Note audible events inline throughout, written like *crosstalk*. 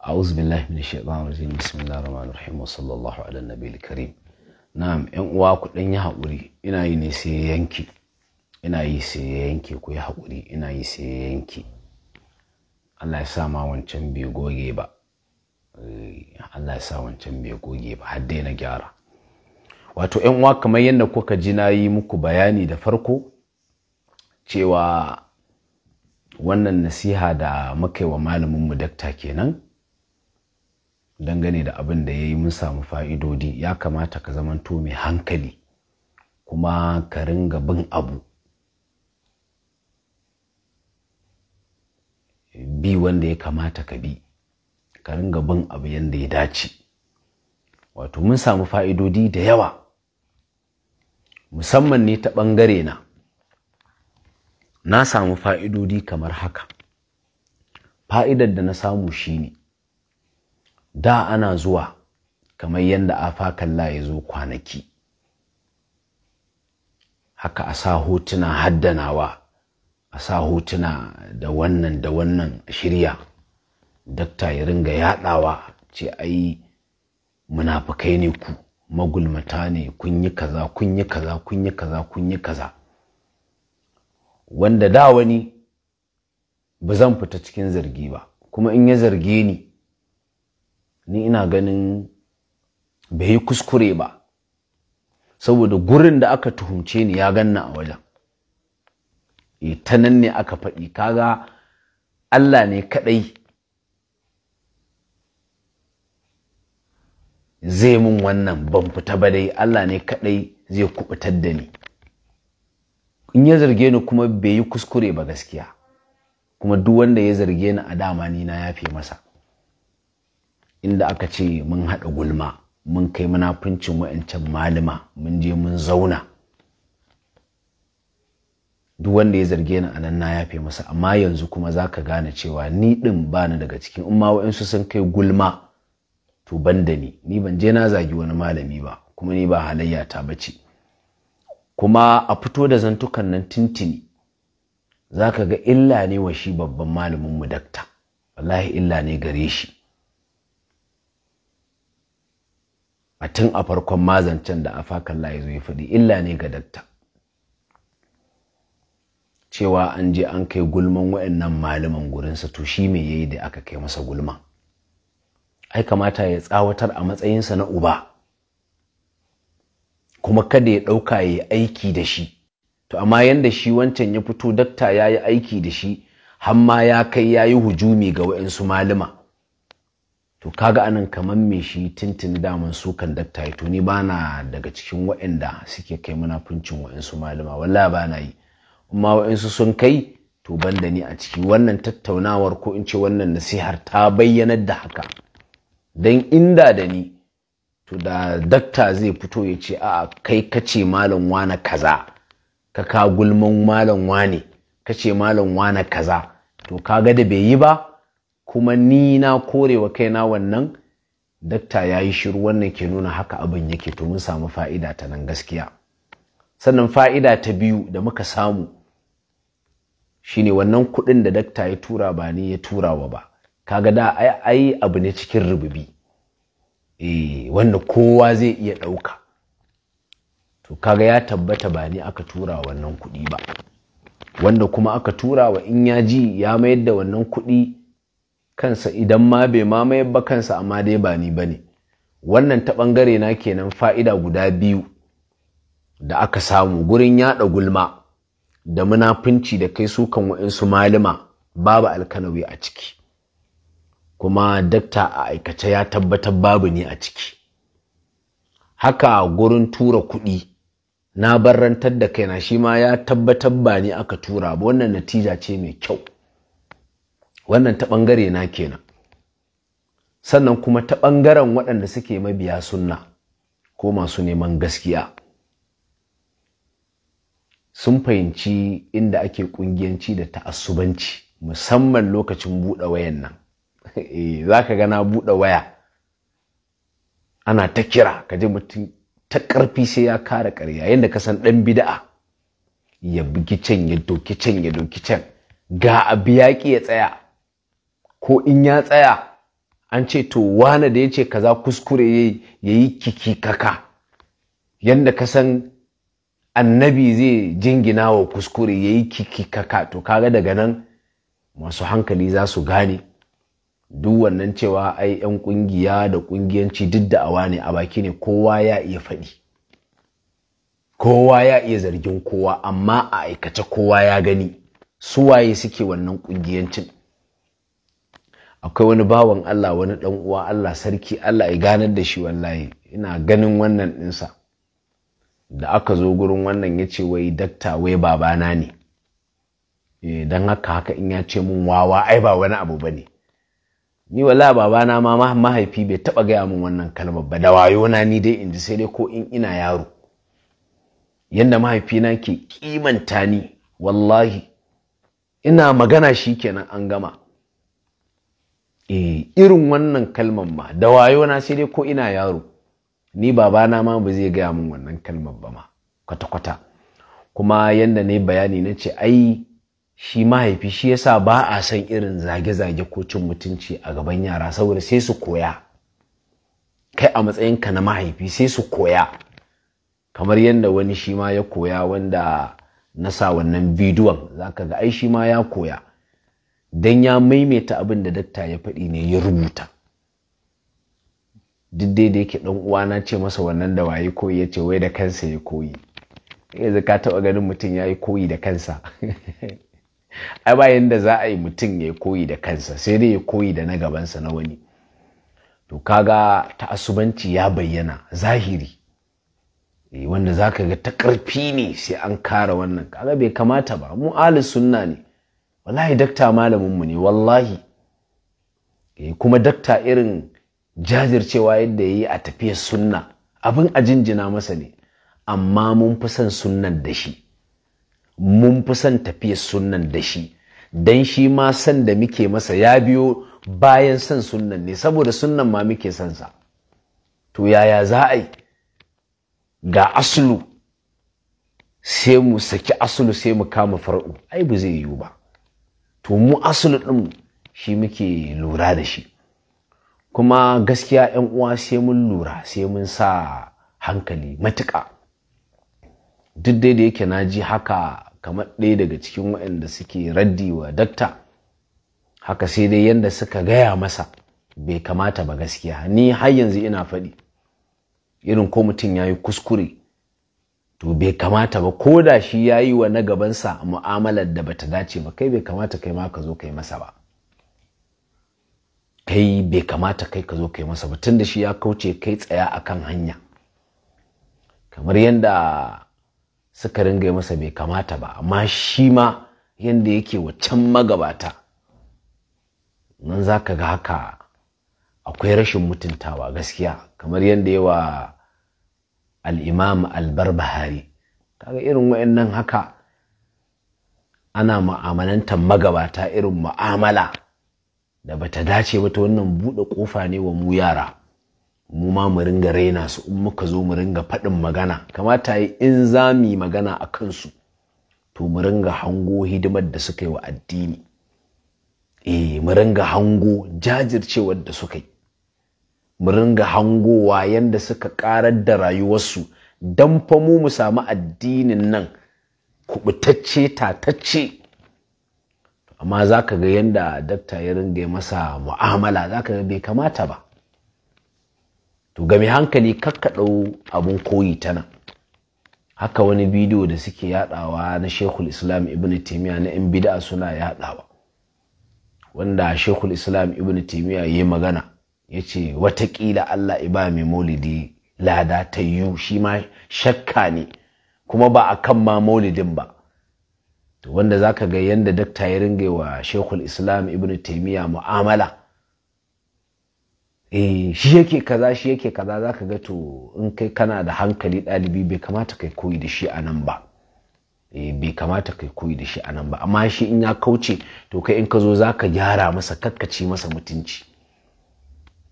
a'udhu billahi minash shaitanir rajim bismillahir rahmanir rahim wa sallallahu ala nabiyil karim na'am yan uwa ku dan yi hakuri ina yi ne sai yanki ina yi sai yanki ku yi hakuri ina yi sai yanki Allah ya sa ma wancan bai goge ba eh, Allah ya sa wancan bai goge ba har dai na gyara wato yan uwa kamar yadda kuka ji na yi muku bayani da farko cewa wannan nasiha da muka yi wa malaminmu dakta kenan dangane da abin da ya yi mun samu fa'idodi ya kamata ka zamanto mai hankali kuma ka ringa bin abu bi wanda ya kamata ka bi ka ringa bin abu yadda ya dace wato mun samu fa'idodi da yawa musamman ne ta ɓangare na na samu fa'idodi kamar haka fa'idar da na samu shine da ana zuwa kamar yadda afakalla ya zo kwanaki haka a sa hotuna haddanawa a sa hotuna da wannan da wannan shirya dakta ya ringa yadawa ce ai munafukai ne ku magulmata ne kun yi kaza kun yi kaza kun yi kaza kun yi kaza wanda da wani ba zan fita cikin zargi ba kuma in ya zarge ni ni ina ganin bai yi kuskure ba saboda gurin da aka tuhumce ni ya ganna a wajen ta nan ne aka faɗi kaga Allah ne kaɗai zai mun wannan ban fita ba dai Allah ne kaɗai zai kubutar da ni in ya zarge ni kuma bai yi kuskure ba gaskiya kuma duk wanda ya zarge ni a dama ni na yafe masa inda aka ce mun haɗa gulma mun kai munafuncin wa'ancan malama mun je mun zauna duk wanda ya zarge ni anan na yafe masa amma yanzu kuma za ka gane cewa ni ɗin ni daga cikin in ma wa'insu sun kai gulma to ban da ni ni ban je na zagi wani malami ba kuma ni ba halayya ta bace kuma a fito da zantukan nan tintini za ka ga illa ne wa shi babban malamin mu dakta wallahi illa ne gare shi a tun a farkon mazancen da afakalla ya zo ya faɗi illa ne ga dakta cewa an je an kai gulman wa'annan malaman gurinsa to shi me yayi da aka kai masa gulma? ai kamata ya tsawatar a matsayinsa na uba kuma kada ya ɗauka ya yi aiki da shi to amma yanda shi wancan ya fito dakta ya yi aiki da shi har ma ya kai ya yi hujumi ga wa'insu malama to kaga anan kamar me shi tintin daman su kandakta to ni bana daga cikin waɗanda suke kai munafuncin waɗansu malama walla bana yi amma waɗansu sun kai to ban da ni a ciki wannan tattaunawar ko in ce wannan nasihar ta bayyanar da haka dan inda da ni to da dakta zai fito ya ce a'a kai kace malam wane kaza ka ka gulman malam wane kace malam wane kaza to kaga da bai yi ba kuma ni na korewa kaina wannan dakta ya yi shiru wannan ke nuna haka abin yake to mun samu fa'ida ta nan gaskiya sannan fa'ida ta biyu da muka samu shine wannan kuɗin da dakta ya tura ba ni ya tura wa ba kaga da ai abu ne cikin rububi eh wanda kowa zai iya ɗauka to kaga ya tabbata ba ni aka tura wannan kuɗi ba wanda kuma aka tura wa in ya ji ya mayar da wannan kuɗi kansa idan ma bai mamaye ba kansa amma dai ba ni bane wannan ta ɓangare na kenan fa'ida guda biyu da aka samu gurin yaɗa gulma da munafunci da kai sukan wa'insu malama babu alkanawi a ciki kuma dakta a aikace ya tabbatar babu ne a ciki haka gurin tura kuɗi na barrantar da kaina shi ma ya tabbatar ba ni aka tura ba wannan natija ce mai kyau wannan ta ɓangare na kenan sannan kuma ta ɓangaren waɗanda suke mabiya sunna ko masu neman gaskiya sun fahimci inda ake ƙungiyanci da ta'assubanci musamman lokacin buɗe wayan nan *laughs* eh, za ka gana buɗe waya ana ta kira ka ji mutum ta ƙarfi sai ya kare-kare, ƙarya yadda ka san ɗan bida'a ya bugi can ya doki can ya doki can ga abu yaƙi ya tsaya ko in ya tsaya an ce to wane da ya ce kaza kuskure ya yi kikikaka yadda ka san annabi zai jingina wa kuskure ya yi kikikaka to kaga daga nan masu hankali za su gane duk wannan cewa ai 'yan kungiya da kungiyanci duk da awa ne a baki ne kowa ya iya faɗi kowa ya iya zargin kowa amma a aikace kowa ya gani suwaye suke wannan kungiyancin akwai wani bawan Allah wani dan uwa Allah sarki Allah ya ganar da shi wallahi ina ganin wannan insa. da aka zo gurin wannan ya ce wai dakta wai babana ne eh, don haka haka in ya ce mun wawa ai ba wani abu ba ne ni wala babana ma mahaifi bai taba gaya min wannan kalmar ba da wayo ni dai in ji sai dai ko in ina yaro Yadda mahaifina ke kimanta ni wallahi ina magana shi kenan an gama e irin wannan kalmar ma da wayo na sai dai ko ina yaro ni babana ma ba zai gaya min wannan kalmar ba ma kwata-kwata kuma yanda ne bayani na ce ai shi mahaifi shi yasa ba a san irin zage-zage ko cin mutunci a gaban yara saboda sai su koya kai a matsayinka na mahaifi sai su koya kamar yadda wani shi ma ya koya wanda na sa wannan bidiyon zaka ga ai shi ma ya koya don ya maimaita abin da dakta ya faɗi ne ya rubuta duk dai da yake ɗan uwana ce masa wannan da waye koyi ya ce wai da kansa ya koyi yanzu ka taɓa ganin mutum ya yi koyi da kansa *laughs* ai bayan da za a yi mutum ya koyi da kansa sai dai ya koyi da na gabansa na wani to kaga asubanci ya bayyana zahiri eh, wanda za ka ga ta ƙarfi ne sai an kara wannan kaga bai kamata ba mu ahli sunna ne wallahi dakta malaminmu ne wallahi eh, kuma dakta irin jajircewa yadda ya yi a tafiyar sunna abin a jinjina masa ne amma mun fi son sunnan da shi mun fi son tafiyar sunnan da shi don shi ma san da muke masa ya biyo bayan son sunnan ne saboda sunnan ma muke son sa to yaya za a yi ga asulu sai mu saki asulu sai mu kama far'u ai ba zai yiwu ba to mu asali ɗin shi muke lura da shi kuma gaskiya 'yan uwa sai mun lura sai mun sa hankali matuƙa duk dai da yake na ji haka kamar ɗaya daga cikin waɗanda suke raddi wa dakta haka sai dai yadda suka gaya masa bai kamata ba gaskiya ni har yanzu ina faɗi irin ko mutum ya yi kuskure to bai kamata ba ko da shi ya yi wa na gabansa mu'amalar da bata dace ba kai bai kamata kai ma ka zo kai masa ba kai bai kamata kai ka zo kai masa ba tunda shi ya kauce kai tsaya akan hanya kamar yadda suka ringa masa bai kamata ba amma shi ma yadda yake waccan magabata nan za ka ga haka akwai rashin mutuntawa gaskiya kamar yadda yawa al'imam albarbahari kaga irin wa’in haka ana ma'amalantar magabata irin ma'amala da bata dace ba ta wannan buɗe ƙofa ne wa mu yara mu ma mu ringa raina su in muka zo mu ringa faɗin magana kamata yi in za mu magana a kansu to mu ringa hango hidimar da suka yi wa addini eh mu ringa hango jajircewar da suka yi mu ringa hangowa yadda suka karar da rayuwarsu don fa mu mu samu addinin nan kubutacce tatacce amma za ka ga yadda dakta ya ringa masa mu'amala za ka ga bai kamata ba to ga mai hankali kakkaɗau abin koyi ta nan haka wani bidiyo da suke yadawa na shekul islam ibn na 'yan bida suna yadawa wanda shekul islam ibn taimiya ya yi magana ya ce watakila Allah iba mai maulidi lada ta yiwu shi ma shakka ne kuma ba a kan ma maulidin ba wanda za ka ga yadda dakta ya ringe wa shekul islam ibn taimiyya mu'amala E, shi yake kaza shi yake kaza za ka ga to in kai kana da hankali ɗalibi bai kamata kai koyi da shi a nan ba eh, bai kamata kai koyi da shi a nan ba amma shi in ya kauce to kai in ka zo za ka gyara masa kakkaci masa mutunci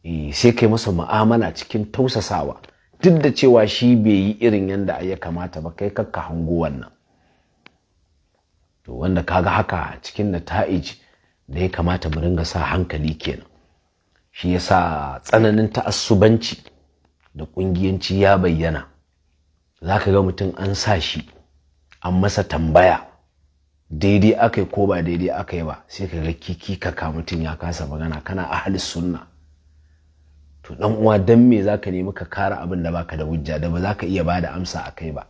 E, sai kai masa mu'amala cikin tausasawa duk da cewa shi bai yi irin yadda ya kamata ba kai kakka hango wannan to wanda kaga haka cikin nata'ij da ya kamata mu ringa sa hankali kenan shi yasa tsananin ta'assubanci da kungiyanci ya bayyana za ka ga mutum an sa shi an masa tambaya daidai aka yi ko ba daidai aka yi ba sai ka ga kiki kaka mutum ya kasa magana kana ahli sunna to dan uwa dan me zaka nemi ka kara abin da baka da hujja da ba zaka iya bada amsa a kai ba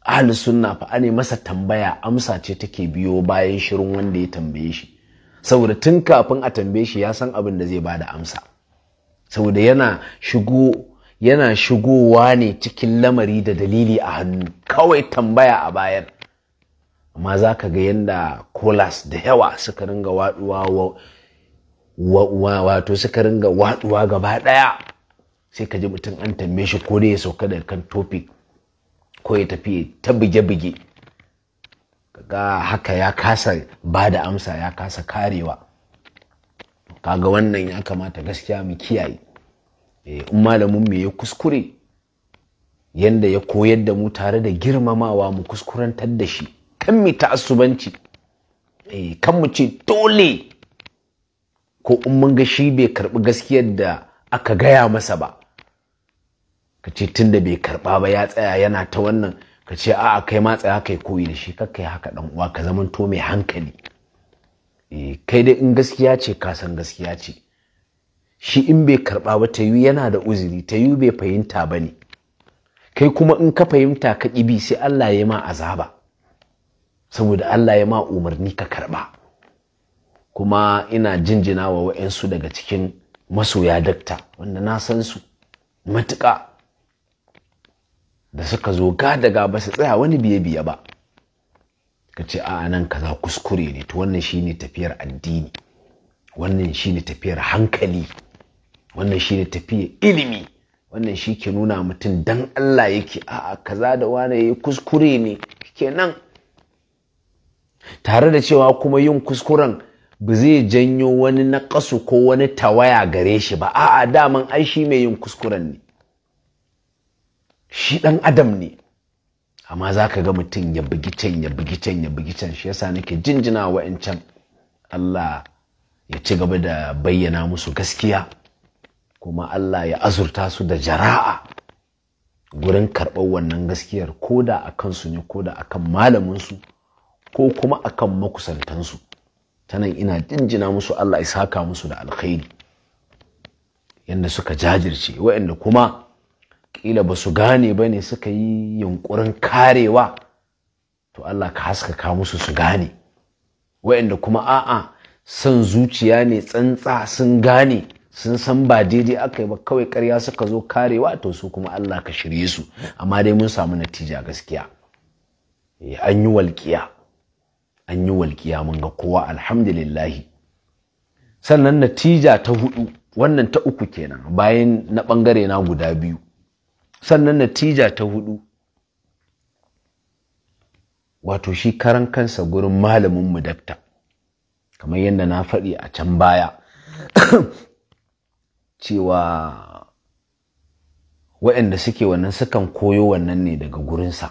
ahli sunna fa ane masa tambaya amsa ce take biyo bayan shirin wanda ya tambaye shi saboda tun kafin a tambaye shi ya san abin da zai bada amsa saboda yana shigo yana shigowa ne cikin lamari da dalili a hannu kawai tambaya a bayan. amma zaka ga yanda kolas da yawa suka ringa waɗuwa wato suka ringa watsuwa gaba ɗaya sai ka ji mutum an tambaye shi ko dai ya sauka daga kan topic ko ya tafi ta buge-buge kaga haka ya kasa ba da amsa ya kasa karewa kaga wannan ya kamata gaskiya mu kiyaye eh, in malamin me ya kuskure yanda ya koyar da mu tare da girmamawa mu kuskurantar da shi kan mu asubanci. Eh, kan mu ce dole ko in mun ga shi bai karɓi gaskiyar da aka gaya masa ba ka ce tun da bai karɓa ba ya tsaya yana ta wannan ka ce a'a kai ma tsaya kai koyi da shi kakai haka dan uwa ka zamanto mai hankali eh, kai dai in gaskiya ce ka san gaskiya ce shi in bai karɓa ba ta yi yana da uzuri ta yi bai fahimta ba ne kai kuma in ka fahimta ka ƙibi sai Allah ya ma azaba saboda Allah ya ma umarni ka karɓa kuma ina jinjina wa wa'yansu daga cikin masoya dakta wanda na san su matuƙa da suka zo ga daga ba su tsaya wani biye-biye ba ka ce a nan kaza kuskure ne to wannan shine tafiyar addini wannan shine tafiyar hankali wannan shine tafiyar ilimi wannan shi ke nuna mutum dan Allah yake a'a kaza da wane yi kuskure ne kenan tare da cewa kuma yin kuskuren ba zai janyo wani naƙasu ko wani tawaya gare shi ba a'a daman ai shi mai yin kuskuren ne shi ɗan adam ne amma za ka ga mutum ya bugi can ya bugi can ya bugi can shi yasa nake jinjina wa can Allah ya ci gaba da bayyana musu gaskiya kuma Allah ya azurta su da jara'a gurin karɓar wannan gaskiyar ko da a kansu ne ko da a kan malaminsu ko kuma a kan makusantansu ta nan ina jinjina musu Allah ya saka musu da alkhairi yadda suka jajirce wa'anda kuma ƙila ba su gane ba ne suka yi yunkurin karewa to Allah ka haskaka musu su gane wa'anda kuma a'a son zuciya ne tsantsa sun gane sun san ba daidai aka yi ba kawai karya suka zo karewa to su kuma Allah ka shirye su amma dai mun samu natija gaskiya eh, an yi walƙiya an yi walƙiya mun ga kowa alhamdulillahi sannan natija ta hudu wannan ta uku kenan bayan na ɓangare na guda biyu sannan natija ta hudu wato shi karan kansa gurin malamin mu dakta kamar yadda na faɗi a can baya *coughs* cewa waɗanda suke wannan sukan koyo wannan ne daga gurinsa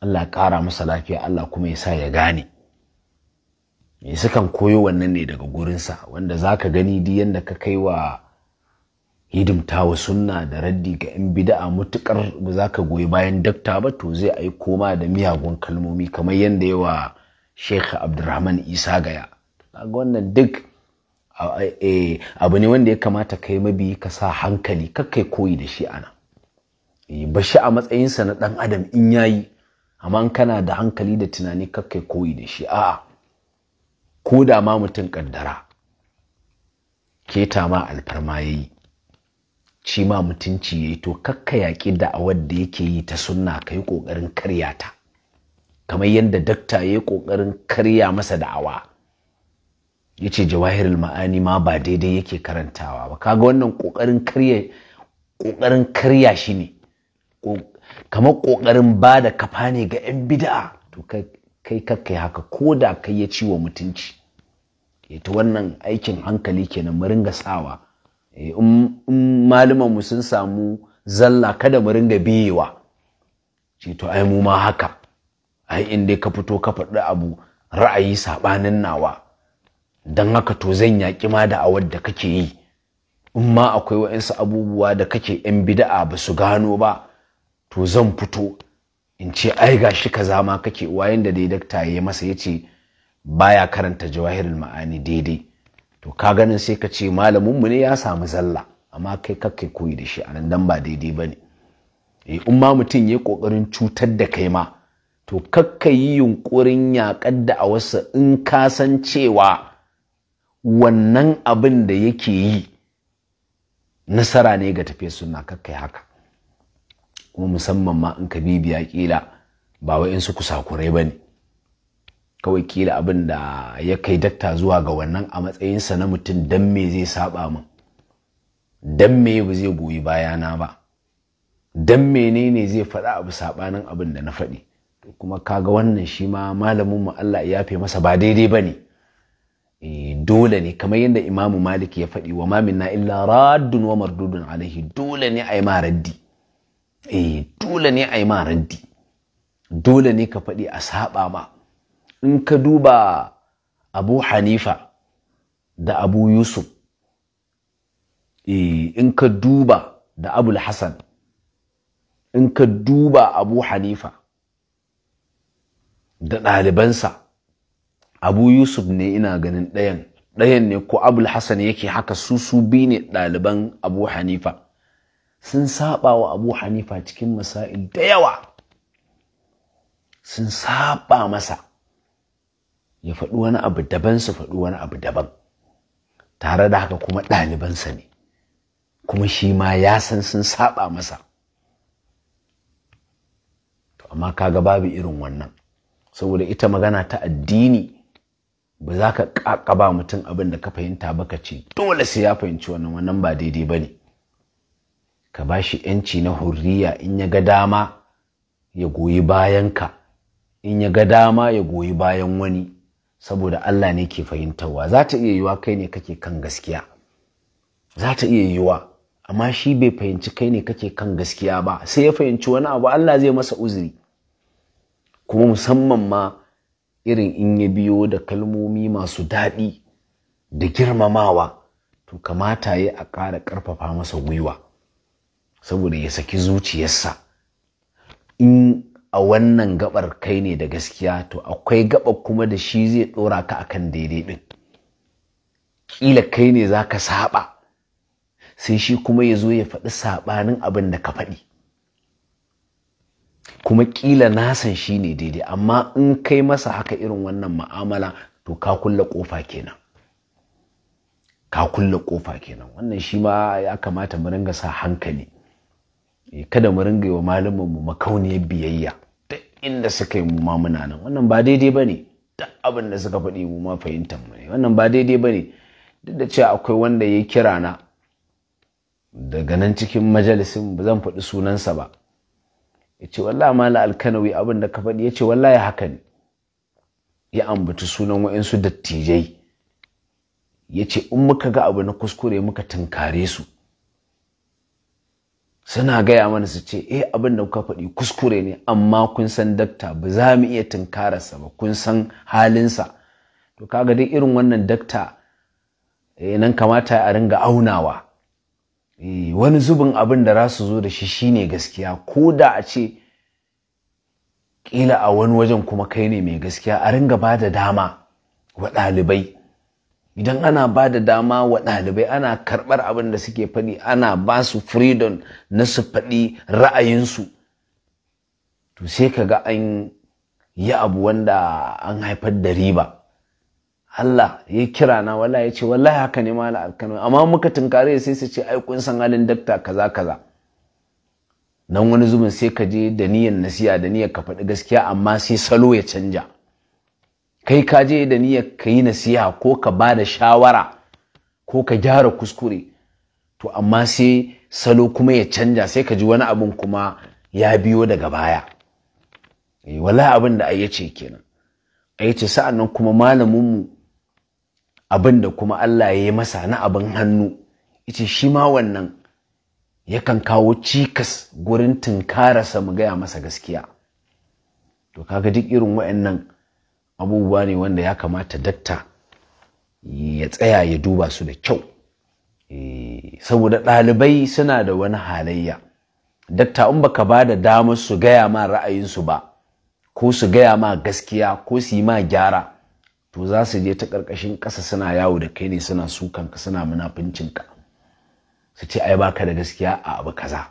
Allah ya ƙara masa lafiya Allah kuma ya sa ya gane me sukan koyo wannan ne daga gurinsa wanda za ka gani di yadda ka kai wa hidimta sunna da raddi ga 'yan bida'a mutukar ba za ka goyi bayan dakta ba to zai ai koma da miyagun kalmomi kamar yadda yawa sheikh abdurrahman isa gaya kaga wannan duk e, abu ne wanda ya kamata kai mabi ka sa hankali kakkai koyi da shi ana eh, bashi a matsayinsa na dan adam in yayi amma kana da hankali da tunani kakai koyi da shi a'a ko da ma mutum kaddara keta ma alfarma yayi ci ma mutunci yayi to kakka yaƙi da'awar da yake yi ta sunna kai ƙoƙarin karya ta kamar yadda dakta yayi ƙoƙarin karya masa da'awa yace jawahirul ma'ani ma ba daidai yake karantawa ba kaga wannan ƙoƙarin karya ƙoƙarin karya shi kamar ƙoƙarin ba da kafa ne ga 'yan bida'a to kai kai haka ko da kai ya ci wa mutunci eh, ta wannan aikin hankali kenan mu ringa sawa eh, in malaman mu sun samu zalla kada mu ringa biyewa ce to ai mu ma haka ai in dai ka fito ka faɗi abu ra'ayi saɓanin nawa don haka to zan yaƙi ma da awar da kake yi in ma akwai wa'insu abubuwa da kake 'yan bida'a ba su gano ba to zan fito in ce ai shi kaza ma kake wayan da dai dakta ya masa ya yace baya karanta jawahirin ma'ani daidai to ka ganin sai ka ce malamin mu ne ya samu zalla amma kai kakkai koyi da shi anan dan ba daidai bane eh in ma mutum ya kokarin cutar da kai ma to kakka yi yunkurin yaƙar da a wasu in ka san cewa wannan abin da yake yi nasara ne ga tafiyar suna kakkai haka kuma musamman ma in ka bibiya kila ba wa'insu kusakurai ba ne kawai kila abin da ya kai dakta zuwa ga wannan a matsayinsa na mutum dan me zai saba min dan me ba zai goyi bayana ba dan menene zai faɗa abu saɓanin abin da na faɗi kuma kaga wannan shi ma malamin mu Allah ya fi masa ba daidai ba ne eh, dole ne kamar yadda imamu malik ya faɗi wa ma minna illa raddun wa mardudun alaihi dole ne a yi ma raddi eh dole ne a yi ma raddi dole ne ka faɗi a saba ma in ka duba abu hanifa da abu yusuf eh, in ka duba da abul hassan in ka duba abu hanifa da ɗalibansa abu yusuf ne ina ganin ɗayan ɗayan ne ko abul hassan yake haka su su bi ne ɗaliban abu hanifa sun saba wa abu hanifa cikin masail da yawa sun saba masa ya faɗi wani abu daban su faɗi wani abu daban tare da haka kuma ɗalibansa ne kuma shi ma ya san sun saba masa to amma kaga babu irin wannan saboda ita magana ta addini ba za ka ƙaƙaba mutum abin da ka fahimta ba ka ce dole sai ya fahimci wannan wannan ba daidai ba ne ka ba shi ‘yanci na hurriya in ya ga dama ya goyi bayan ka, in ya ga dama ya goyi bayan wani saboda Allah ne ke fahimtarwa za ta iya yiwa kai ne kake kan gaskiya za ta iya yiwa amma shi bai fahimci kai ne kake kan gaskiya ba sai ya fahimci wani abu Allah zai masa uzuri kuma musamman ma irin in ya biyo da kalmomi masu daɗi da girmamawa to kamata ya a ƙara ƙarfafa masa gwiwa saboda ya saki zuciyarsa in a wannan gabar kai ne da gaskiya to akwai gabar kuma da shi zai ɗora ka akan daidai din. ƙila kai ne za ka saɓa sai shi kuma ya zo ya faɗi saɓanin abin da ka faɗi kuma ƙila nasan shi ne daidai amma in kai masa haka irin wannan ma'amala to ka kulle ƙofa kenan ka kulle ƙofa kenan wannan shi ma ya kamata mu ringa sa hankali Eh, kada mu ringa wa malamin mu makauniyar biyayya duk inda suka yi mu ma muna nan wannan ba daidai bane duk abin da suka faɗi mu ma fahimtar mu ne wannan ba daidai bane duk da cewa akwai wanda ya kira na daga nan cikin majalisin ba zan faɗi sunansa ba ya ce wallahi mala alkanawi abin da ka faɗi ya ce wallahi haka ne ya ambaci sunan wa'insu dattijai ya ce in muka ga abu na kuskure muka tunkare su suna gaya mana su ce eh abin da kuka faɗi kuskure ne amma kun san dakta ba za mu iya tunkararsa ba kun san halinsa to kaga dai irin wannan dakta eh, nan kamata a ringa aunawa eh, wani zubin abin da za su zo da shi shine gaskiya ko da a ce kila a wani wajen kuma kai ne mai gaskiya a ringa ba da dama wa ɗalibai idan ana ba da dama wa ɗalibai ana karɓar abin da suke faɗi ana ba su freedom na su faɗi ra'ayinsu to sai ka ga an yi abu wanda an haifar da riba Allah ya kira na wala ya ce wallahi haka ne mala alkano amma muka tunkare sai su ce ai kun san halin dakta kaza kaza nan wani zubin sai ka je da niyan nasiya da niyan ka faɗi gaskiya amma sai salo ya canja kai ka je da niyyar ka yi nasiha ko ka ba da shawara ko ka gyara kuskure to amma sai salo kuma ya canja sai ka ji wani abin kuma ya biyo daga baya eh, wala abin da ai ce kenan ai ce sa'an nan kuma malaminmu abin da kuma Allah ya yi masa na abin hannu ice shi ma wannan yakan kawo cikas gurin tunkararsa mu gaya masa gaskiya to kaga duk irin wa'annan abubuwa ne wanda ya kamata dakta ya tsaya ya duba su da kyau eh, saboda ɗalibai suna da wani halayya dakta in baka ba da damar su gaya ma ra'ayinsu ba ko su gaya ma gaskiya ko su yi ma gyara to za su je ta ƙarƙashin ƙasa suna yawo da kai ne suna sukanka suna ka. su ce ai baka da gaskiya a abu kaza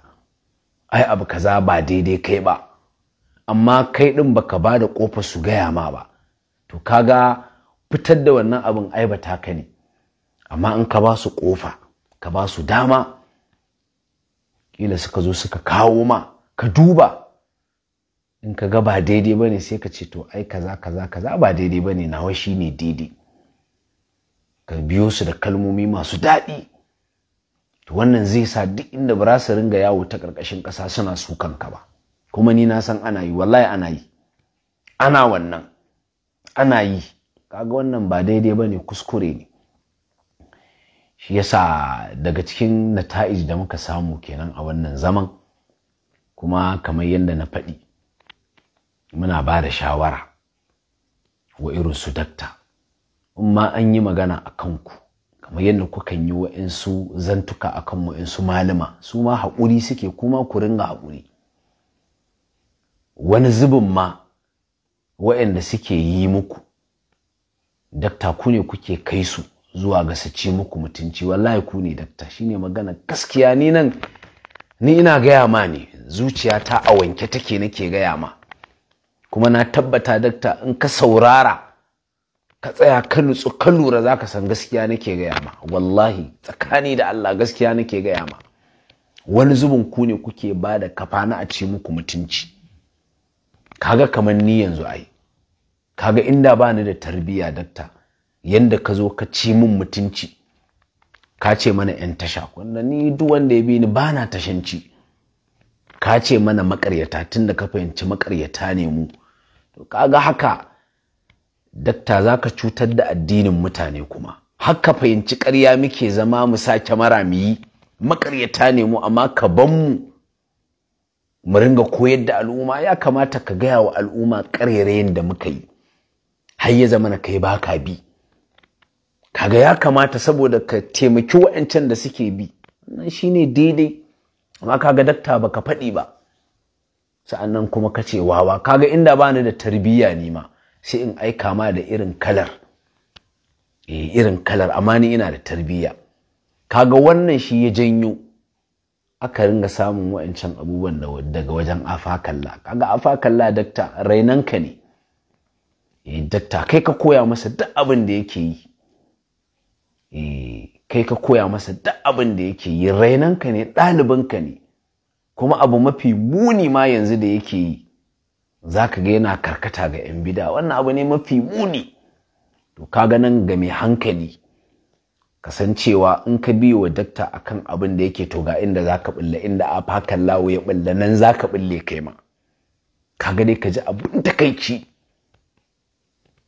ai abu kaza ba daidai kai ba amma kai ɗin baka ba da ƙofar su gaya ma ba to kaga fitar da wannan abin aibata ka ne amma in ka ba su ƙofa ka ba su dama ƙila suka zo suka kawo ma ka duba in ka ga ba daidai ba ne sai ka ce to ai kaza kaza kaza ba daidai ba ne nawa shi ne daidai ka biyo su da kalmomi masu daɗi to wannan zai sa duk inda ba su ringa yawo ta ƙarƙashin ƙasa suna sukan ka ba kuma ni na san ana yi wallahi ana yi ana wannan ana yi kaga wannan ba daidai ba ne kuskure ne shi yasa daga cikin nata'ij da muka samu kenan a wannan zaman kuma kamar yadda na faɗi muna ba da shawara wa irin su dakta in ma an yi magana a kanku kamar yadda kukan yi wa'insu zantuka a kan wa'insu malama su ma haƙuri suke kuma ku ringa haƙuri wani zubin ma waɗanda suke yi muku dakta ku ne kuke kai su zuwa ga su ci muku mutunci wallahi ku ne dakta shine magana gaskiya ni nan ni ina gaya ma ne zuciya ta a wanke take nake gaya ma kuma na tabbata dakta in ka saurara ka tsaya ka nutsu ka lura za ka san gaskiya nake gaya ma wallahi tsakani da Allah gaskiya nake gaya ma wani zubin ku ne kuke ba da kafa na a ci muku mutunci kaga kamar ni yanzu ai kaga inda ba ni da tarbiya dakta yanda ka zo ka ci min mutunci ka ce mana 'yan tasha wanda ni duk wanda ya bi ni ba na tashanci ka ce mana makaryata tunda ka fahimci makaryata ne mu to kaga haka dakta za ka cutar da addinin mutane kuma haka fahimci ƙarya muke zama mu sake mara mu yi makaryata ne mu amma ka ban mu mu ringa koyar da al'umma ya kamata ka gaya wa al'umma ƙarerayen da muka yi har ya zama na kai baka bi kaga ya kamata saboda ka taimaki wa'ancan da suke bi nan shine daidai amma kaga dakta baka faɗi ba sa'annan kuma ka ce wawa kaga inda bani da tarbiyya ni ma sai in aika ma da irin kalar eh irin kalar amma ni ina da tarbiyya kaga wannan shi ya janyo aka ringa samun wa'ancan abubuwan daga wajen afa-kalla. kalla kaga kalla dakta rainanka ne Eh dakta kai ka koya masa duk abin da yake yi eh, kai ka koya masa duk abin da yake yi rainanka ne ɗalibinka ne kuma abu mafi muni ma yanzu da yake yi za ka ga yana karkata ga 'yan bida wannan abu ne mafi muni to kaga nan ga mai hankali kasancewa in ka biyo wa dakta akan abin da yake to ga inda za ka bulle inda a fakan lawo ya bulle nan zaka ka bulle kai ma ka dai ka ji abin takaici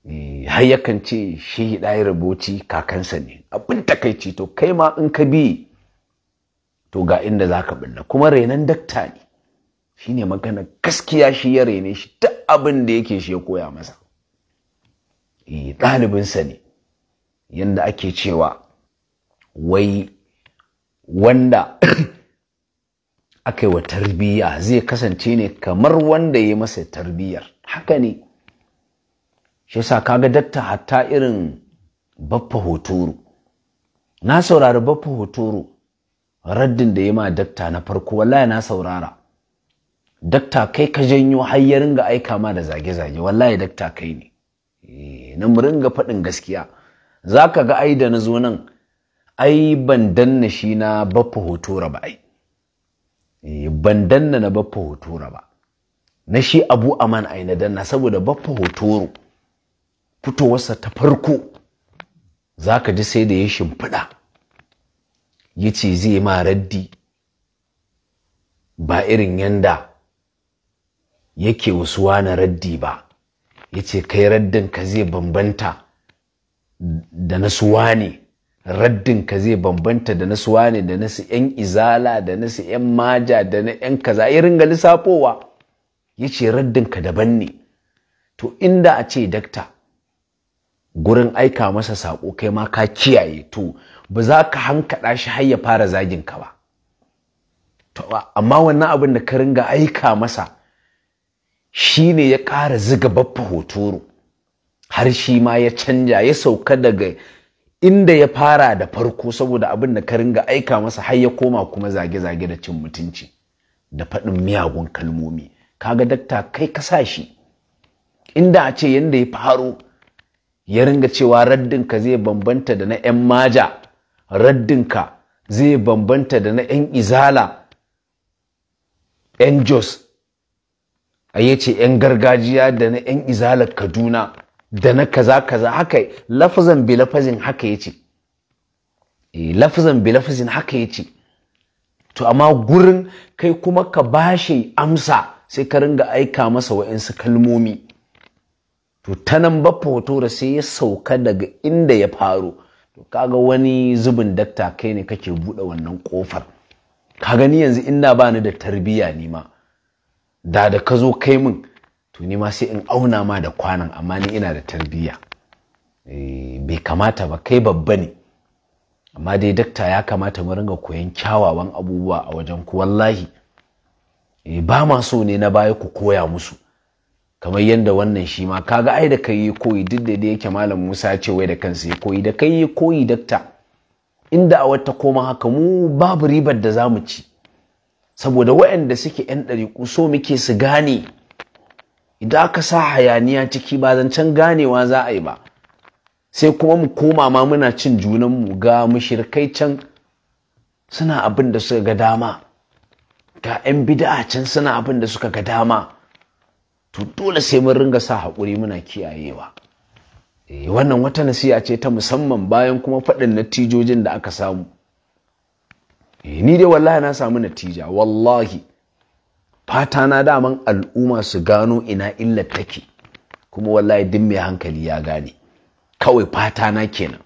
eh, har yakan ce shi ɗaya rubuci kakansa ne abin takaici to kai ma in ka bi to ga inda za ka bulle kuma renan dakta ne shine ne magana gaskiya shi ya rene shi duk abin da yake shi ya koya masa eh, ɗalibinsa ne yadda ake cewa wai wanda *coughs* aka yi wa tarbiyya zai kasance ne kamar wanda ya masa tarbiyyar haka ne shi sa kaga datta hatta irin baffa hotoro? na saurari baffa hotoro, raddin da ya ma dakta na farko wallahi na saurara dakta kai ka janyo har ya ringa aika ma da zage-zage wallahi dakta kai ne eh, nan mu ringa faɗin gaskiya za ka ga ai da na zo nan ai ban danna shi na baffa hoto ba ai eh, ban danna na baffa hoto ba na shi abu aman ai na danna saboda baffa ru fitowarsa ta farko za ka ji sai da ya shimfiɗa ya ce zai ma raddi ba irin yanda yake wasuwa na raddi ba ya ce kai raddin ka zai bambanta da na suwa ne raddin ka zai bambanta da nasu wane da nasu yan izala da nasu yan maja da na yan kaza ya ringa lissafowa ya ce raddin ka daban ne to inda a ce dakta gurin aika masa saƙo kai ma ka kiyaye to ba za ka hankaɗa shi har ya fara zagin ka ba to amma wannan abin da ka ringa aika masa shi ne ya ƙara ziga baffa hotoro har shi ma ya canja ya sauka daga inda ya fara da farko saboda abin da ka ringa aika masa har ya koma kuma zage-zage da cin mutunci da faɗin miyagun kalmomi kaga dakta kai ka sa shi inda a ce yadda ya faro ya ringa cewa raddinka zai bambanta da na 'yan maja raddinka zai bambanta da na 'yan izala 'yan jos a ce 'yan gargajiya da na 'yan Izala kaduna da na kaza kaza haka lafazan bi lafazin haka yace eh, lafazan bi lafazin haka yace to amma gurin kai kuma ka bashi amsa sai ka ringa aika masa wa'insu kalmomi to ta nan ba da sai ya sauka daga inda ya faru. to kaga wani zubin dakta kai ne kake buɗe wannan ƙofar ka gani yanzu ina ba ni da tarbiyya ni ma da da ka zo kai min to ni ma sai in auna ma da kwanan amma ni ina da tarbiyya eh, bai kamata ba kai babba ne amma dai dakta ya kamata mu ringa koyan kyawawan abubuwa a wajen ku wallahi eh, ba ma so ne na baya ku koya musu kamar yadda wannan shi ma kaga ai da kai koyi duk da dai yake malam Musa ce wai da kansa ya koyi da kai koyi dakta inda a wata koma haka mu babu ribar da zamu ci saboda waɗanda suke yan ɗariƙu so muke su gane idan aka sa hayaniya ciki ba zancen ganewa za a yi ba sai kuma mu koma ma muna cin junanmu ga mushirkai can suna abin da suka ga dama ga 'yan bida'a can suna abin da suka ga dama to dole sai mun ringa sa haƙuri muna kiyayewa eh, wannan wata nasiya ce ta musamman bayan kuma faɗin natijojin da aka samu eh, ni dai wallahi na samu natija wallahi fata na daman al'umma su gano ina illar take kuma wallahi duk mai hankali ya gane kawai fata na kenan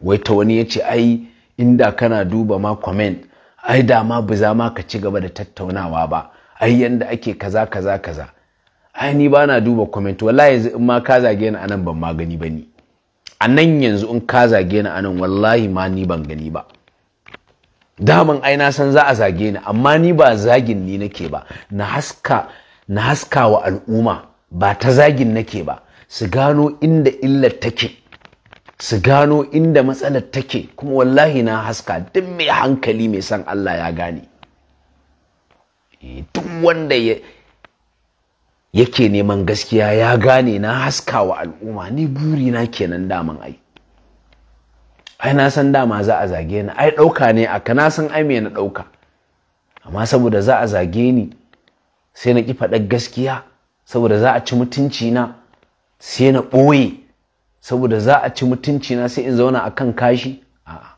wai ta wani ya ce ai inda kana duba ma comment ai da ma ba za ma ka ci gaba da tattaunawa ba ai yadda ake kaza kaza kaza ai ni ba na duba comment wallahi yanzu in ma ka zage ni anan ban ma gani ba ni a nan yanzu in ka zage ni anan wallahi ma ni ban gani ba daman ai na san za a zage ni amma ni ba zagin ni nake ba na haska na haska wa al'umma ba ta zagin nake ba su gano inda illar take su gano inda matsalar take kuma wallahi na haska duk mai hankali mai san Allah ya gane eh, duk wanda yake neman gaskiya ya gane na haska wa al'umma ni burina kenan daman ai ai na san dama za a zage ni ai ɗauka ne aka na san ai me na ɗauka amma saboda za a zage ni sai na ƙi faɗar gaskiya saboda za a ci mutunci na sai na ɓoye saboda za a ci mutunci na sai in zauna akan kashi a'a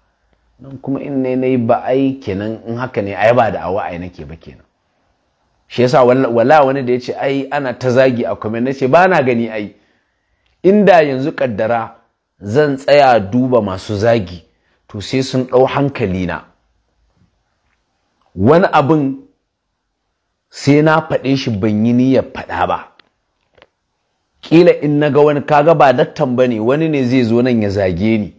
nan kuma in ne na ba ai kenan in haka ne ai ba da awa ai nake ba kenan shi yasa wala wani da yace ai ana ta zagi a comment nace ba na gani ai inda yanzu kaddara zan tsaya duba masu zagi to sai sun ɗau hankali na wani abin sai na faɗe shi ban yi niyyar faɗa ba ƙila in na ga wani kaga ba dattan ba ne wani ne zai zo nan ya zage ni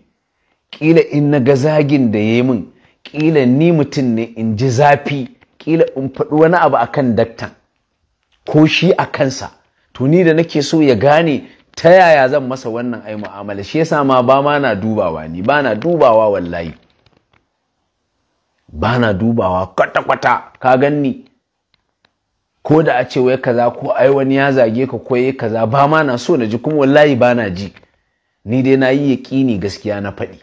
ƙila in na ga zagin da ya yi min ƙila ni mutum ne in ji zafi ƙila in faɗi wani abu akan dattan ko shi a kansa to ni da nake so ya gane ta yaya zan masa wannan ai mu'amala shi yasa ma ba ma na dubawa ni ba na dubawa wallahi ba na dubawa kwata-kwata ka ganni ko da a ce wai kaza ko ai wani ya zage ka ko yayi kaza ba ma na so na ji kuma wallahi ba na ji ni dai na yi yaƙini gaskiya na faɗi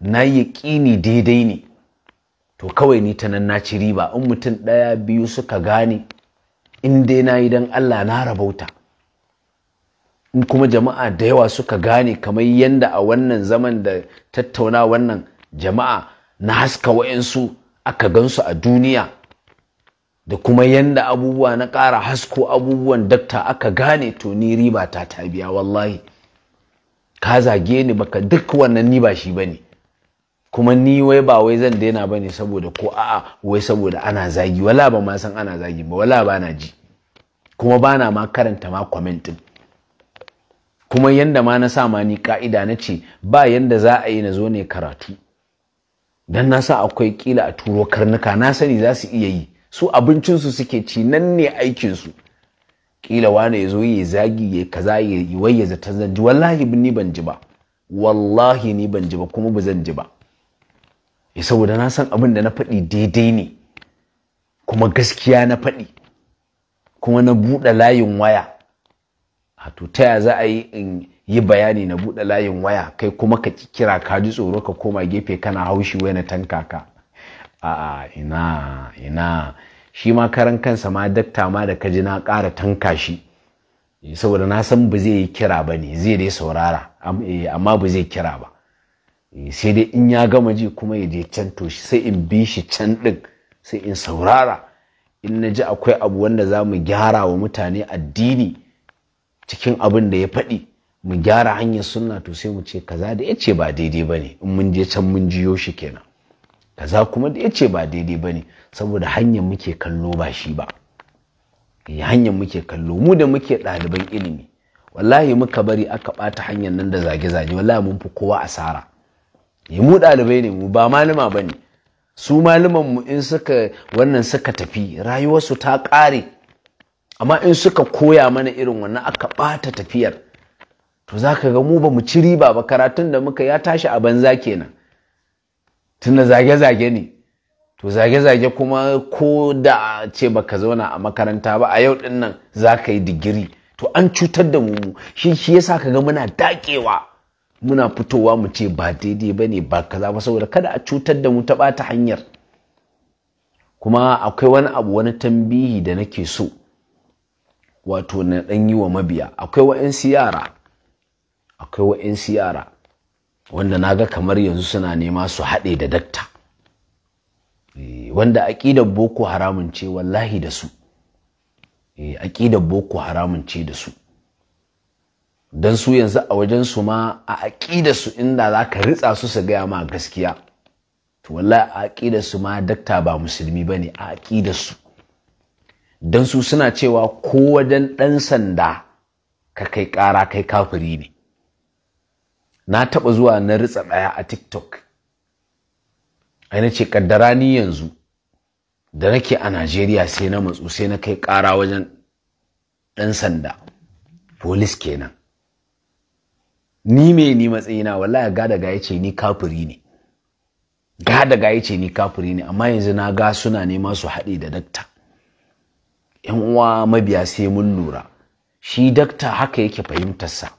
na yi yaƙini daidai ne to kawai ni ta nan na ci riba in mutum ɗaya biyu suka gane in dai na yi don Allah na rabauta in kuma jama'a da yawa suka gane kamar yadda a wannan zaman da tattauna wannan jama'a na haska wa'insu aka gansu a duniya da kuma yadda abubuwa na ƙara hasko abubuwan dakta aka gane to ni riba ta tabiya. wallahi ka zage ni baka duk wannan ni ba shi bane kuma ni wai ba wai zan daina bane saboda ko a'a wai saboda ana zagi wala ba ma san ana zagi ba wala ba na ji kuma ba na ma karanta ma comment din kuma yanda ma na sa ma ni ka'ida na ce ba yanda za a yi na zo ne karatu dan na sa akwai ƙila a turo karnuka na sani za su iya yi su abincinsu suke ci nan ne aikinsu Ƙila wane ya zo ya zagi ya kaza ya yi waye zata zan ji wallahi ni ban ji ba wallahi ni ban ji ba kuma ba zan ji ba ya eh, saboda na san abin da na faɗi daidai ne kuma gaskiya na faɗi kuma na buɗe layin waya to ta za a yi in yi bayani na buɗe layin waya kai kuma ka kira ka ji tsoro ka koma gefe kana haushi wai na tanka ka a'a ina ina shi ma karan kansa ma dakta ma da kaji na ƙara tanka shi eh, saboda na san ba zai yi kira ba ne zai dai saurara eh, amma ba zai kira ba eh, sai dai in ya gama ji kuma ya je can to sai in bi shi can ɗin sai in saurara in na ji akwai abu wanda za mu gyara wa mutane addini cikin abin da ya faɗi mu gyara hanyar sunna to sai mu ce kaza da ya ce ba daidai ba ne in mun je can mun jiyo shi kenan kaza kuma da ya ce ba daidai ba ne saboda hanyar muke kallo ba shi ba eh, hanyar muke kallo mu da muke ɗaliban ilimi wallahi muka bari aka ɓata hanyar nan da zage-zage wallahi mun fi kowa asara eh, mu ɗalibai ne mu ba malama ba ne su malaman mu in suka wannan suka tafi rayuwarsu ta ƙare amma in suka koya mana irin wannan aka ɓata tafiyar to za ka ga mu ba mu ci riba ba karatun da muka ya tashi a banza kenan tunda zage-zage ne to zage-zage kuma ko da ce ba ka zauna a makaranta ba a yau din nan za ka yi digiri to an cutar da mu shi shi yasa ka ga muna dakewa muna fitowa mu ce ba daidai ba ne ba kaza ba saboda kada a cutar da mu ta ɓata hanyar kuma akwai wani abu wani tambihi da nake so wato na ɗan yi wa mabiya akwai wa'insu yara akwai wa'insu yara wanda na ga kamar yanzu suna nema su haɗe da dakta eh, wanda aƙidar boko haramun ce wallahi da su eh, aƙidar boko haramun ce da su don su yanzu a wajen su ma a aƙidar su inda za ka ritsa su su gaya ma gaskiya to wallahi a aƙidar su ma dakta ba musulmi ba ne a aƙidar su don su suna cewa ko wajen ɗan sanda ka kai ƙara kai kafiri ne na taɓa zuwa na ritsa ɗaya a tiktok aina ce ƙaddara ni yanzu da nake a najeriya sai na matsu sai na kai ƙara wajen ɗan sanda polis kenan ni me ni matsayina wallahi ga daga ya ce ni kafiri ne ga daga ya ce ni kafiri ne amma yanzu na ga suna nema su haɗe da dakta yan uwa mabiya sai mun lura shi dakta haka yake fahimtarsa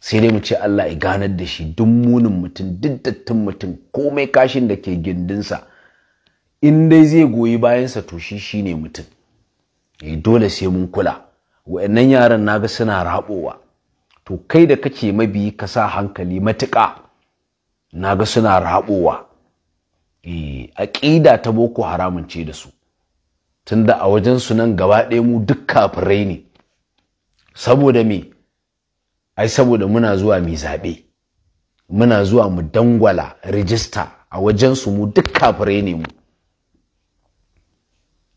sai dai mu ce Allah ya ganar da shi duk munin mutum duk dattin mutum komai kashin da ke gindinsa in dai zai goyi bayansa to shi shine mutum eh, dole sai mun kula wa'annan yaran naga suna rabowa to kai da kake mabi ka sa hankali matuƙa naga suna rabowa eh aqida ta boko haramun ce da su tunda a wajen su nan gaba ɗaya mu duk kafirai ne saboda me ai saboda muna zuwa mai zaɓe muna zuwa mu dangwala rijista a wajen su mu duk kafirai ne mu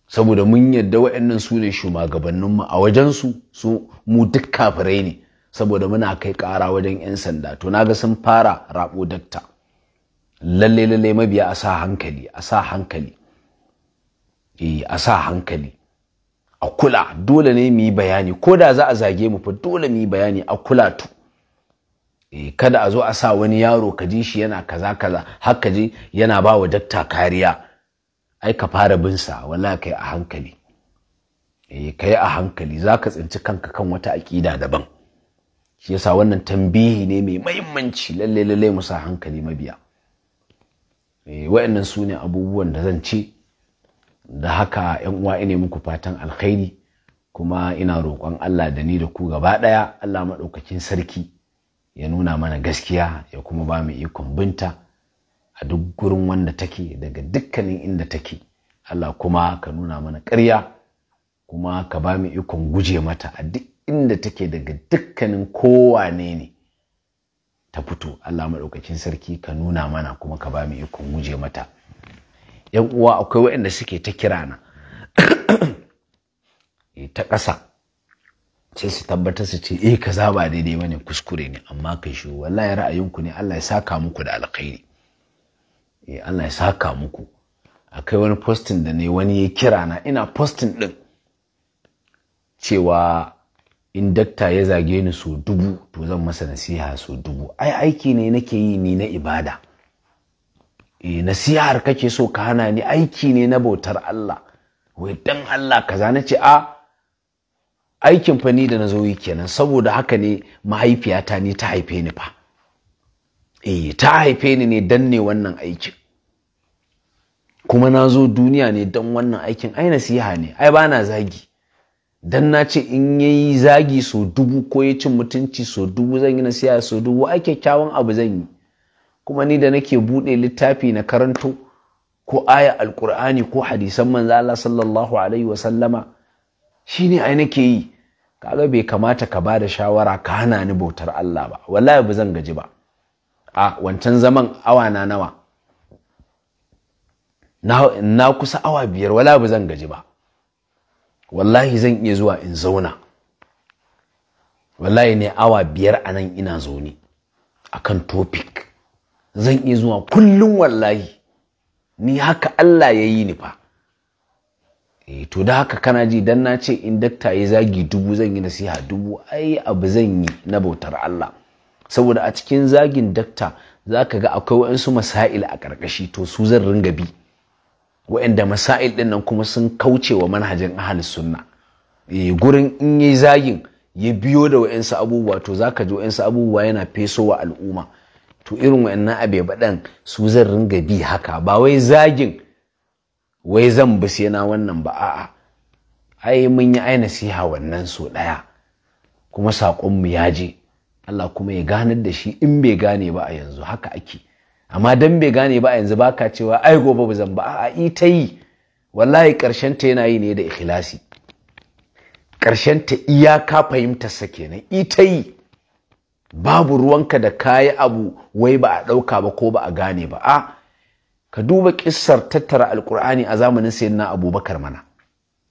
saboda mun yadda waɗannan su ne shugabanninmu a wajensu su mu duk kafirai ne saboda muna kai ƙara wajen 'yan sanda to naga sun fara rabo datta. lalle lalle mabiya a sa hankali a sa hankali Eh, a sa hankali a kula dole ne mu yi bayani ko da za a zage mu fa dole mu yi bayani a kula tu eh, kada a zo a sa wani yaro ka ji shi yana kaza kaza har ka ji yana ba wa dakta kariya ai ka fara bin sa wala kai a hankali eh kai a hankali zaka tsinci kanka kan wata aƙida daban shi yasa wannan tambihi ne mai mahimmanci lalle lalle mu sa hankali mabiya eh waɗannan su ne abubuwan da zan ce da haka yan uwa ine muku fatan alkhairi kuma ina roƙon Allah da ni da ku gaba ɗaya Allah maɗaukakin sarki ya nuna mana gaskiya ya kuma ba mu ikon binta a duk gurin wanda take daga dukkanin inda take Allah kuma ka nuna mana ƙarya kuma ka ba mu ikon guje mata a duk inda take daga dukkanin kowane ne ta fito Allah maɗaukacin sarki ka nuna mana kuma ka ba mu ikon guje mata yan uwa akwai waɗanda suke ta kirana ta ƙasa sai su tabbatar su ce eh kaza ba daidai bane kuskure ne amma kai shi wallahi ra'ayinku ne Allah ya saka muku da alkhairi eh Allah ya saka muku akai wani posting da ne wani ya kira na ina posting din cewa in dakta ya zage ni so dubu to zan masa nasiha so dubu ai aiki ne nake yi ni na ibada Eh, nasihar kake so ka hana ni aiki ne na bautar Allah wai dan Allah kaza na ce a aikin fa ni da na zo yi kenan saboda haka ne mahaifiyata ni ta haife ni fa eh ta haife ni ne dan ne wannan aikin kuma na zo duniya ne dan wannan aikin ai nasiha ne ai bana zagi dan na ce in yayi zagi so dubu ko ya cin mutunci so dubu zan yi nasiha so dubu ai kyakkyawan abu zan yi kuma ni da nake buɗe littafi na karanto ko aya alkur'ani ko hadisan manzo Allah sallallahu alaihi wasallama shine ai nake yi kaga bai kamata ka ba da shawara ka hana ni bautar Allah ba wallahi ba zan gaji ba a wancan zaman awa na nawa na kusa awa biyar wala ba zan gaji ba wallahi zan iya zuwa in zauna wallahi ne awa biyar a nan ina zaune akan topic zan iya zuwa kullum wallahi ni haka Allah ya yi ni fa eh to da haka kana ji dan na ce in dakta yi zagi dubu zan yi nasiha dubu ai abu zan yi na bautar Allah saboda a cikin zagin dakta zaka ga akwai waɗansu masail a karkashi to su zan ringa bi wa'anda masail din nan kuma sun kauce wa manhajin ahli sunna eh gurin in yi zagin ya biyo da wa'ansu abubuwa to zaka ji wa'ansu abubuwa yana fesowa al'umma to irin wa'annan abe baɗan su zan ringa bi haka ba wai zagin wai zan bi sai na wannan ba a'a ai mun yi aina siha wannan so ɗaya kuma saƙonmu ya je Allah kuma ya ganar da shi in bai gane ba a yanzu haka ake amma dan bai gane ba a yanzu baka cewa ai gobe ba zan ba a'a ita yi wallahi karshen ta yana yi ne da ikhlasi ƙarshen ta iyaka sake kenan ita yi babu ruwanka da kayi abu wai ba a ɗauka ba ko ba a gane ba a ka duba ƙisar tattara alkur'ani a zamanin sayyidina abubakar mana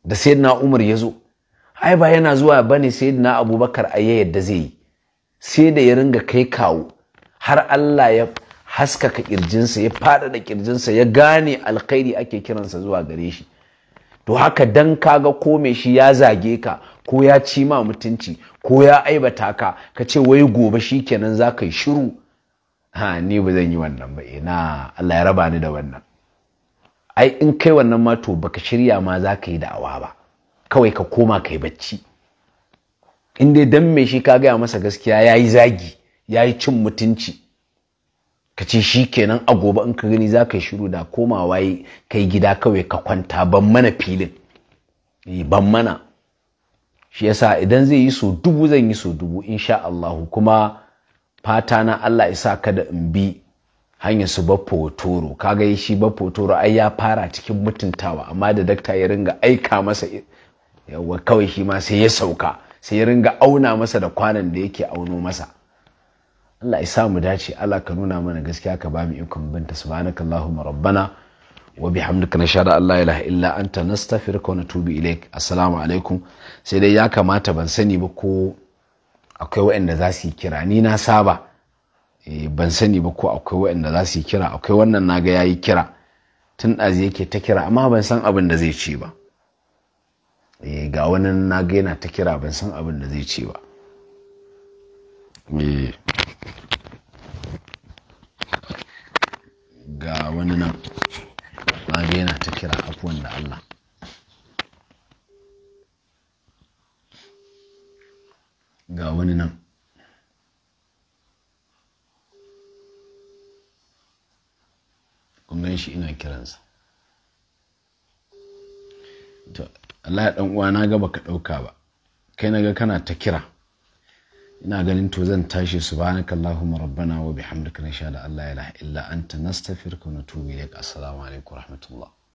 da sayyidina umar ya zo ai ba yana zuwa ba ne sayyidina abubakar a yadda zai yi sai da ya ringa kai kawo har allah ya haskaka ƙirjinsa ya faɗaɗa ƙirjinsa ya gane alkhairi ake kiransa zuwa gare shi to haka dan kaga ko me shi ya zage ka ko ya ci ma mutunci ko ya aibata ka ka ce wai gobe shikenan za ka yi shiru ha ni ba zan yi wannan ba ina eh, Allah ya raba ni da wannan ai in kai wannan ma to baka shirya ma za ka yi da'awa ba kawai ka koma ka yi bacci in dai dan me shi ka gaya masa gaskiya ya yi zagi ya yi cin mutunci ka ce shi kenan a gobe in ka gani za ka yi shiru da komawa yi kai gida kawai ka kwanta ban mana filin eh, ban mana shi yasa idan zai yi so dubu zan yi so dubu insha Allahu kuma fata na Allah isa kada in bi hanyar su baffo toro kaga shi baffo toro ai ya fara cikin mutuntawa amma da dakta ya ringa aika masa yawa kawai shi ma sai ya sauka sai ya ringa auna masa da kwanan da yake auno masa Allah ya samu mu dace Allah ka nuna mana gaskiya ka ba mu ikon binta subhanaka allahumma rabbana wa bihamdika nashhadu an la ilaha illa anta nastaghfiruka wa natubu ilaik assalamu alaikum sai dai ya kamata ban sani ba ko akwai waɗanda za su yi kira ni na saba eh, ban sani ba ko akwai waɗanda za su yi kira akwai wannan naga yayi kira tun ɗazi yake ta kira amma ban san abin da zai ce ba eh, ga wani naga yana ta kira ban san abin da zai ce ba eh. ga wani nan na yana ta kira afuwan da Allah ga wani nan kun shi ina kiransa to Allah ya dan uwa na ga baka dauka ba kai naga kana ta kira ina ganin to zan tashi subhanaka allahumma rabbana wa bihamdika nashhadu an la ilaha illa anta nastaghfiruka wa natubu ilaik assalamu alaikum rahmatullah